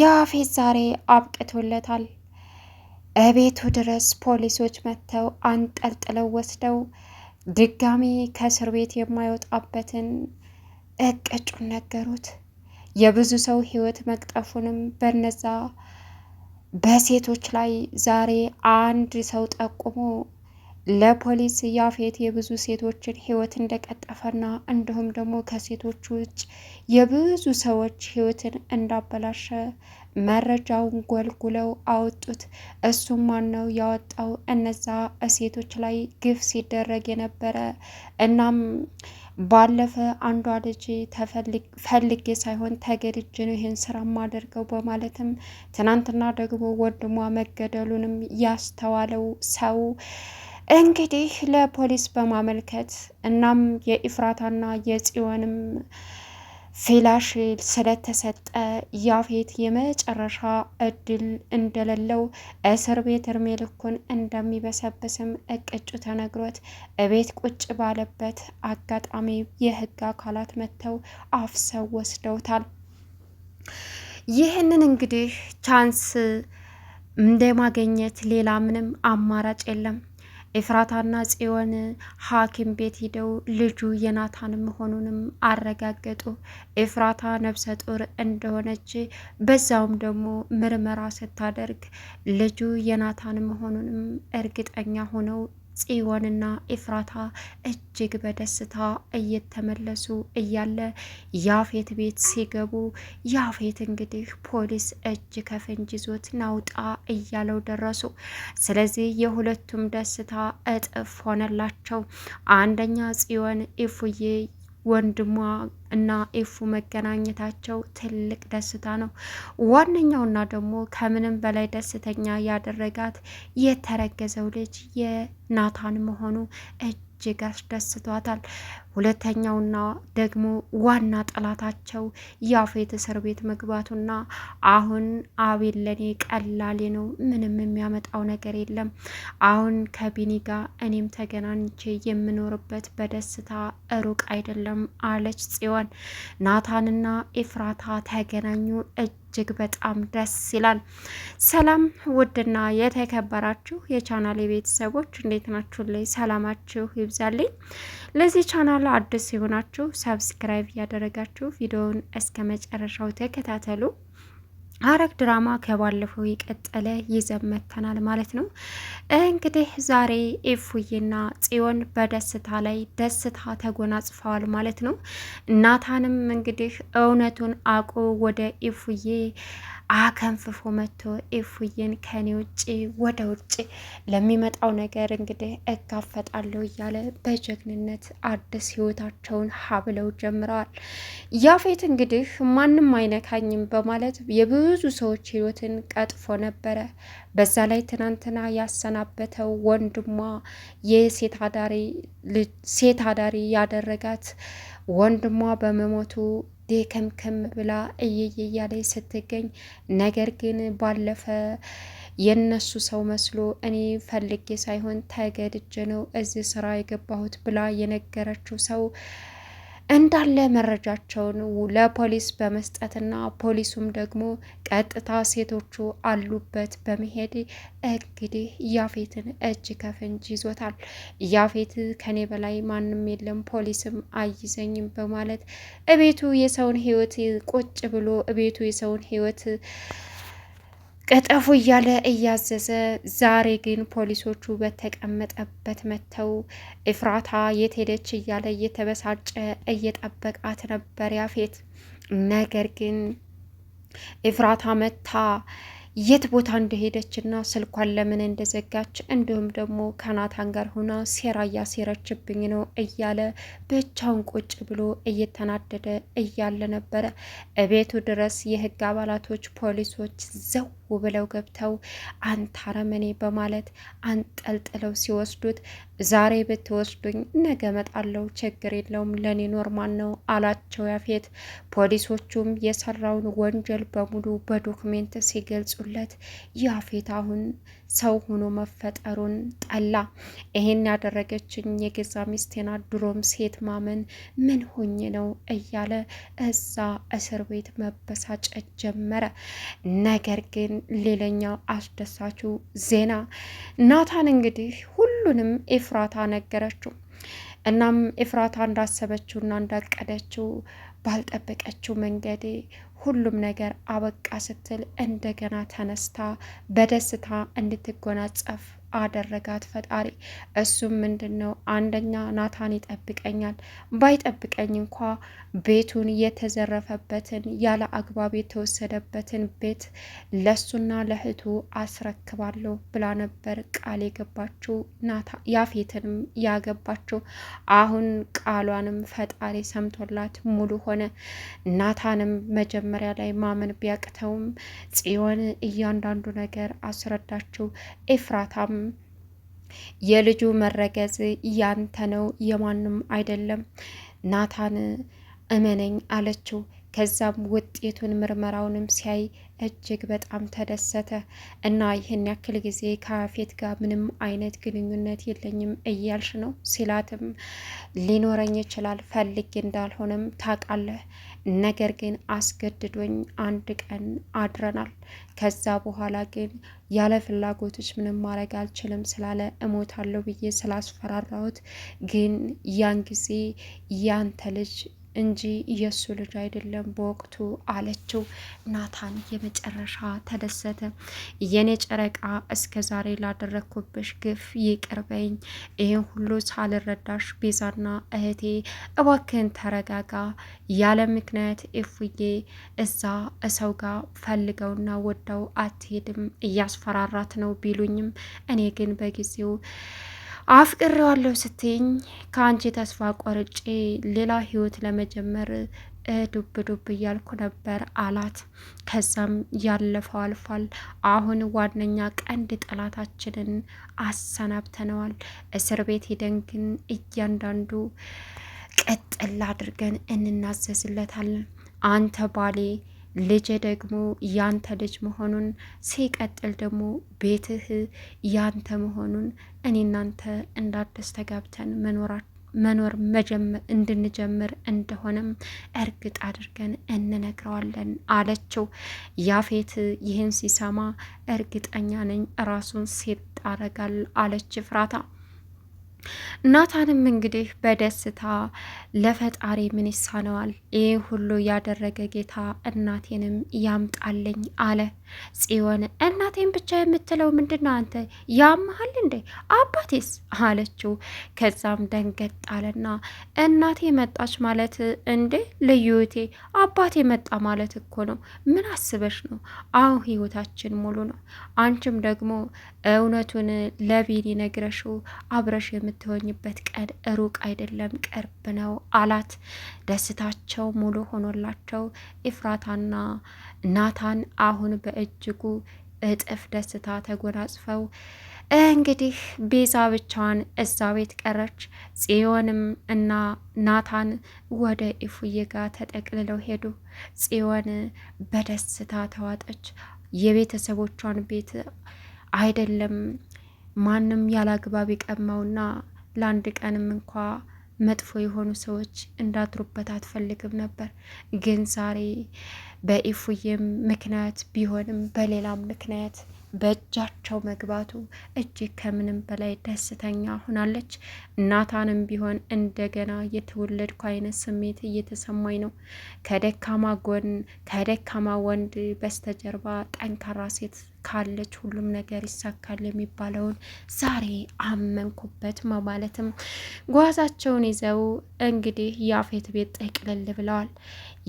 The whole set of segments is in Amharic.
ያፌት ዛሬ አብቅቶለታል። እቤቱ ድረስ ፖሊሶች መጥተው አንጠልጥለው ወስደው ድጋሚ ከእስር ቤት የማይወጣበትን እቅጩን ነገሩት። የብዙ ሰው ሕይወት መቅጠፉንም በነዛ በሴቶች ላይ ዛሬ አንድ ሰው ጠቁሞ ለፖሊስ ያፌት የብዙ ሴቶችን ህይወት እንደቀጠፈና እንዲሁም ደግሞ ከሴቶች ውጭ የብዙ ሰዎች ህይወትን እንዳበላሸ መረጃውን ጎልጉለው አወጡት። እሱም ማነው ያወጣው? እነዛ ሴቶች ላይ ግፍ ሲደረግ የነበረ እናም ባለፈ አንዷ ልጅ ፈልጌ ሳይሆን ተገድጄ ነው ይህን ስራ ማደርገው በማለትም ትናንትና ደግሞ ወንድሟ መገደሉንም ያስተዋለው ሰው እንግዲህ ለፖሊስ በማመልከት እናም የኢፍራታና የጽዮንም ፊላሽ ስለተሰጠ ያፌት የመጨረሻ እድል እንደሌለው እስር ቤት እድሜ ልኩን እንደሚበሰብስም እቅጩ ተነግሮት እቤት ቁጭ ባለበት አጋጣሚ የህግ አካላት መጥተው አፍሰው ወስደውታል። ይህንን እንግዲህ ቻንስ እንደማገኘት ሌላ ምንም አማራጭ የለም። ኤፍራታና ጽዮን ሐኪም ቤት ሂደው ልጁ የናታን መሆኑንም አረጋገጡ። ኤፍራታ ነፍሰ ጡር እንደሆነች በዛውም ደግሞ ምርመራ ስታደርግ ልጁ የናታን መሆኑንም እርግጠኛ ሆነው ጽዮንና ኤፍራታ እጅግ በደስታ እየተመለሱ እያለ ያፌት ቤት ሲገቡ ያፌት እንግዲህ ፖሊስ እጅ ከፍንጅ ይዞት ናውጣ እያለው ደረሱ። ስለዚህ የሁለቱም ደስታ እጥፍ ሆነላቸው። አንደኛ ጽዮን ኢፉዬ ወንድሟ እና ኤፉ መገናኘታቸው ትልቅ ደስታ ነው። ዋነኛውና ደግሞ ከምንም በላይ ደስተኛ ያደረጋት የተረገዘው ልጅ የናታን መሆኑ እጅግ አስደስቷታል። ሁለተኛውና ደግሞ ዋና ጠላታቸው ያፌት እስር ቤት መግባቱና አሁን አቤል ለኔ ቀላሌ ነው፣ ምንም የሚያመጣው ነገር የለም። አሁን ከቢኒ ጋር እኔም ተገናኝቼ የምኖርበት በደስታ ሩቅ አይደለም አለች ጽዮን። ናታንና ኤፍራታ ተገናኙ። እጅግ በጣም ደስ ይላል። ሰላም ውድና የተከበራችሁ የቻናሌ ቤተሰቦች እንዴት ናችሁ? ላይ ሰላማችሁ ይብዛልኝ። ለዚህ ቻናል አዲስ የሆናችሁ ሰብስክራይብ እያደረጋችሁ ቪዲዮውን እስከ መጨረሻው ተከታተሉ። ሐረግ ድራማ ከባለፈው የቀጠለ ይዘን መጥተናል ማለት ነው። እንግዲህ ዛሬ ኤፉዬና ጽዮን በደስታ ላይ ደስታ ተጎናጽፈዋል ማለት ነው። ናታንም እንግዲህ እውነቱን አውቆ ወደ ኤፉዬ አከንፍፎ መጥቶ ኢፉዬን ከኔ ውጭ ወደ ውጭ ለሚመጣው ነገር እንግዲህ እጋፈጣለሁ እያለ በጀግንነት አዲስ ህይወታቸውን ሀብለው ጀምረዋል። ያፌት እንግዲህ ማንም አይነካኝም በማለት የብዙ ሰዎች ህይወትን ቀጥፎ ነበረ። በዛ ላይ ትናንትና ያሰናበተው ወንድሟ የሴት አዳሪ ሴት አዳሪ ያደረጋት ወንድሟ በመሞቱ ደከምከም ብላ እየየ እያለ ስትገኝ ነገር ግን ባለፈ የነሱ ሰው መስሎ እኔ ፈልጌ ሳይሆን ተገድጄ ነው እዚህ ስራ የገባሁት ብላ የነገረችው ሰው እንዳለ መረጃቸውን ለፖሊስ በመስጠትና ፖሊሱም ደግሞ ቀጥታ ሴቶቹ አሉበት በመሄድ እንግዲህ ያፌትን እጅ ከፍንጅ ይዞታል። ያፌት ከኔ በላይ ማንም የለም ፖሊስም አይዘኝም በማለት እቤቱ የሰውን ሕይወት ቁጭ ብሎ እቤቱ የሰውን ሕይወት ቅጠፉ እያለ እያዘዘ ዛሬ ግን ፖሊሶቹ በተቀመጠበት መጥተው እፍራታ የት ሄደች እያለ እየተበሳጨ እየጠበቃት ነበር ያፌት። ነገር ግን እፍራታ መታ የት ቦታ እንደሄደችና ስልኳን ለምን እንደዘጋች እንዲሁም ደግሞ ከናታን ጋር ሆና ሴራ እያሴረችብኝ ነው እያለ ብቻውን ቁጭ ብሎ እየተናደደ እያለ ነበረ። እቤቱ ድረስ የህግ አባላቶች ፖሊሶች ዘው ብለው ገብተው አንተ አረመኔ በማለት አንጠልጥለው ሲወስዱት ዛሬ ብትወስዱኝ ነገ መጣለው፣ ችግር የለውም ለእኔ ኖርማል ነው አላቸው ያፌት። ፖሊሶቹም የሰራውን ወንጀል በሙሉ በዶክሜንት ሲገልጹለት ያፌት አሁን ሰው ሆኖ መፈጠሩን ጠላ። ይሄን ያደረገችኝ የገዛ ሚስቴና ድሮም ሴት ማመን ምን ሆኜ ነው እያለ እዛ እስር ቤት መበሳጨት ጀመረ። ነገር ግን ሌላኛው አስደሳቹ ዜና ናታን እንግዲህ ሁሉ ሁሉንም ኤፍራታ ነገረችው። እናም ኤፍራታ እንዳሰበችውና እንዳቀደችው ባልጠበቀችው መንገድ ሁሉም ነገር አበቃ ስትል እንደገና ተነስታ በደስታ እንድትጎናጸፍ አደረጋት ፈጣሪ። እሱም ምንድን ነው አንደኛ ናታን ይጠብቀኛል፣ ባይጠብቀኝ እንኳ ቤቱን የተዘረፈበትን ያለ አግባብ የተወሰደበትን ቤት ለሱና ለእህቱ አስረክባለሁ ብላ ነበር ቃል የገባችው ያፌትንም ያገባችው። አሁን ቃሏንም ፈጣሪ ሰምቶላት ሙሉ ሆነ። ናታንም መጀመሪያ ላይ ማመን ቢያቅተውም ጽዮን እያንዳንዱ ነገር አስረዳችው። ኤፍራታም የልጁ መረገዝ ያንተ ነው የማንም አይደለም ናታን እመነኝ አለችው። ከዛም ውጤቱን ምርመራውንም ሲያይ እጅግ በጣም ተደሰተ እና ይህን ያክል ጊዜ ከያፌት ጋር ምንም አይነት ግንኙነት የለኝም እያልሽ ነው ሲላትም ሊኖረኝ ይችላል ፈልጌ እንዳልሆነም ታውቃለህ ነገር ግን አስገድዶኝ አንድ ቀን አድረናል። ከዛ በኋላ ግን ያለ ፍላጎቶች ምንም ማድረግ አልችልም ስላለ እሞታለሁ ብዬ ስላስፈራራሁት፣ ግን ያን ጊዜ ያንተ ልጅ እንጂ የእሱ ልጅ አይደለም በወቅቱ አለችው። ናታን የመጨረሻ ተደሰተ። የኔ ጨረቃ እስከ ዛሬ ላደረግኩብሽ ግፍ ይቅርበኝ። ይህን ሁሉ ሳልረዳሽ ቤዛና እህቴ እባክህን ተረጋጋ። ያለ ምክንያት ኢፉዬ እዛ እሰው ጋር ፈልገውና ወደው አትሄድም እያስፈራራት ነው ቢሉኝም እኔ ግን በጊዜው አፍቅሬዋለሁ ስትኝ ከአንቺ ተስፋ ቆርጬ ሌላ ህይወት ለመጀመር ዱብ ዱብ እያልኩ ነበር አላት። ከዛም ያለፈው አልፏል። አሁን ዋነኛ ቀንድ ጠላታችንን አሰናብተነዋል። እስር ቤት ሄደን ግን እያንዳንዱ ቅጥል አድርገን እንናዘዝለታለን። አንተ ባሌ ልጅ ደግሞ ያንተ ልጅ መሆኑን ሲቀጥል ደግሞ ቤትህ ያንተ መሆኑን እኔ እናንተ እንዳዲስ ተጋብተን መኖር እንድንጀምር እንደሆነም እርግጥ አድርገን እንነግረዋለን አለችው። ያፌት ይህን ሲሰማ እርግጠኛ ነኝ ራሱን ሴት አረጋል አለች ፍራታ ናታንም እንግዲህ በደስታ ለፈጣሪ ምን ይሳነዋል? ይህ ሁሉ ያደረገ ጌታ እናቴንም ያምጣልኝ አለ። ጽዮን እናቴን ብቻ የምትለው ምንድን ነው? አንተ ያመሃል እንዴ? አባቴስ አለችው። ከዛም ደንገጥ አለና እናቴ መጣች ማለት እንዴ? ልዩቴ አባቴ መጣ ማለት እኮ ነው። ምን አስበሽ ነው? አሁ ህይወታችን ሙሉ ነው። አንቺም ደግሞ እውነቱን ለቢኒ ነግረሽው አብረሽ የምት የምትሆኝበት ቀን ሩቅ አይደለም ቅርብ ነው አላት። ደስታቸው ሙሉ ሆኖላቸው ኢፍራታና ናታን አሁን በእጅጉ እጥፍ ደስታ ተጎናጽፈው እንግዲህ ቤዛ ብቻዋን እዛ ቤት ቀረች። ጽዮንም እና ናታን ወደ ኢፉዬ ጋር ተጠቅልለው ሄዱ። ጽዮን በደስታ ተዋጠች። የቤተሰቦቿን ቤት አይደለም ማንም ያላግባብ የቀማውና ለአንድ ቀንም እንኳ መጥፎ የሆኑ ሰዎች እንዳድሩበት አትፈልግም ነበር። ግን ዛሬ በኢፉዬም ምክንያት ቢሆንም በሌላም ምክንያት በእጃቸው መግባቱ እጅግ ከምንም በላይ ደስተኛ ሆናለች። ናታንም ቢሆን እንደገና የተወለድኩ አይነት ስሜት እየተሰማኝ ነው። ከደካማ ጎን ከደካማ ወንድ በስተጀርባ ጠንካራ ሴት ካለች ሁሉም ነገር ይሳካል የሚባለውን ዛሬ አመንኩበት በማለትም ጓዛቸውን ይዘው እንግዲህ ያፌት ቤት ጠቅልል ብለዋል።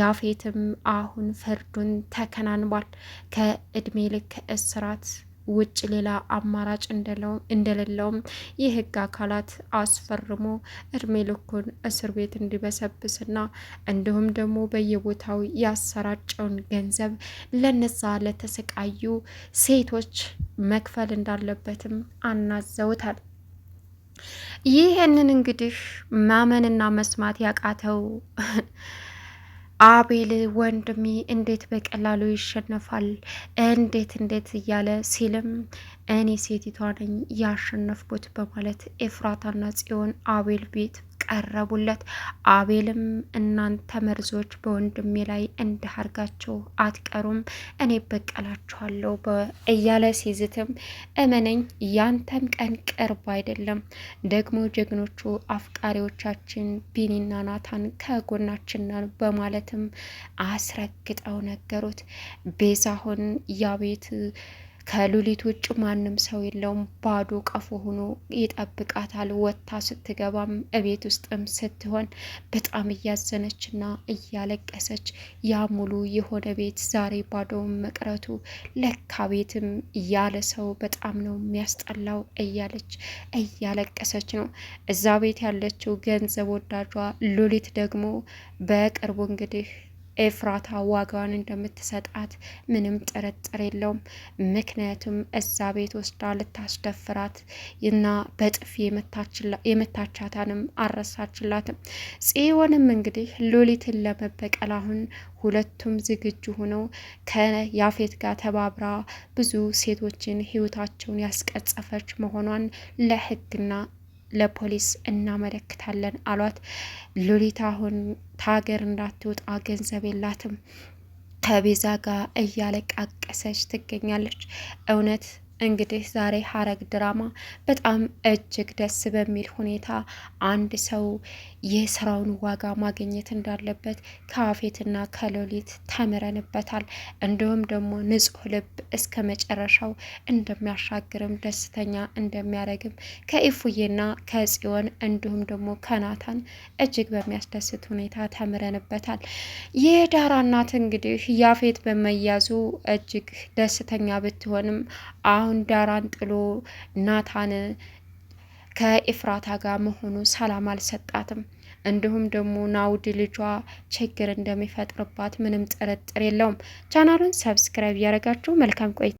ያፌትም አሁን ፍርዱን ተከናንቧል። ከእድሜ ልክ እስራት ውጭ ሌላ አማራጭ እንደሌለውም የህግ አካላት አስፈርሞ እድሜ ልኩን እስር ቤት እንዲበሰብስና እንዲሁም ደግሞ በየቦታው ያሰራጨውን ገንዘብ ለነዛ ለተሰቃዩ ሴቶች መክፈል እንዳለበትም አናዘውታል። ይህንን እንግዲህ ማመንና መስማት ያቃተው አቤል ወንድሜ እንዴት በቀላሉ ይሸነፋል? እንዴት እንዴት እያለ ሲልም እኔ ሴቲቷ ነኝ ያሸነፍኩት በማለት ኤፍራታና ጽዮን አቤል ቤት ቀረቡለት። አቤልም እናንተ መርዞች በወንድሜ ላይ እንዲህ አትቀሩም፣ እኔ በቀላችኋለሁ እያለ ሲዝትም፣ እመነኝ ያንተም ቀን ቅርብ አይደለም። ደግሞ ጀግኖቹ አፍቃሪዎቻችን ቢኒና ናታን ከጎናችንን በማለትም አስረግጠው ነገሩት። ቤዛ አሁን ያቤት ከሉሊት ውጭ ማንም ሰው የለውም። ባዶ ቀፎ ሆኖ ይጠብቃታል። ወጥታ ስትገባም እቤት ውስጥም ስትሆን በጣም እያዘነችና እያለቀሰች ያ ሙሉ የሆነ ቤት ዛሬ ባዶ መቅረቱ ለካ ቤትም ያለ ሰው በጣም ነው የሚያስጠላው እያለች እያለቀሰች ነው እዛ ቤት ያለችው ገንዘብ ወዳጇ ሉሊት ደግሞ በቅርቡ እንግዲህ ኤፍራታ ዋጋዋን እንደምትሰጣት ምንም ጥርጥር የለውም። ምክንያቱም እዛ ቤት ወስዳ ልታስደፍራት እና በጥፊ የመታቻታንም አረሳችላትም። ጽዮንም እንግዲህ ሉሊትን ለመበቀል አሁን ሁለቱም ዝግጁ ሆነው ከያፌት ጋር ተባብራ ብዙ ሴቶችን ሕይወታቸውን ያስቀጸፈች መሆኗን ለህግና ለፖሊስ እናመለክታለን አሏት። ሉሊት አሁን ታገር እንዳትወጣ ገንዘብ የላትም ከቤዛ ጋር እያለቃቀሰች ትገኛለች እውነት እንግዲህ ዛሬ ሐረግ ድራማ በጣም እጅግ ደስ በሚል ሁኔታ አንድ ሰው የስራውን ዋጋ ማግኘት እንዳለበት ከአፌትና ከሎሊት ተምረንበታል። እንዲሁም ደግሞ ንጹህ ልብ እስከ መጨረሻው እንደሚያሻግርም ደስተኛ እንደሚያደርግም ከኢፉዬና ከጽዮን እንዲሁም ደግሞ ከናታን እጅግ በሚያስደስት ሁኔታ ተምረንበታል። የዳራ እናት እንግዲህ ያፌት በመያዙ እጅግ ደስተኛ ብትሆንም አሁን አሁን ዳራን ጥሎ ናታን ከኤፍራታ ጋር መሆኑ ሰላም አልሰጣትም። እንዲሁም ደግሞ ናውድ ልጇ ችግር እንደሚፈጥርባት ምንም ጥርጥር የለውም። ቻናሉን ሰብስክራይብ እያደረጋችሁ መልካም ቆይታ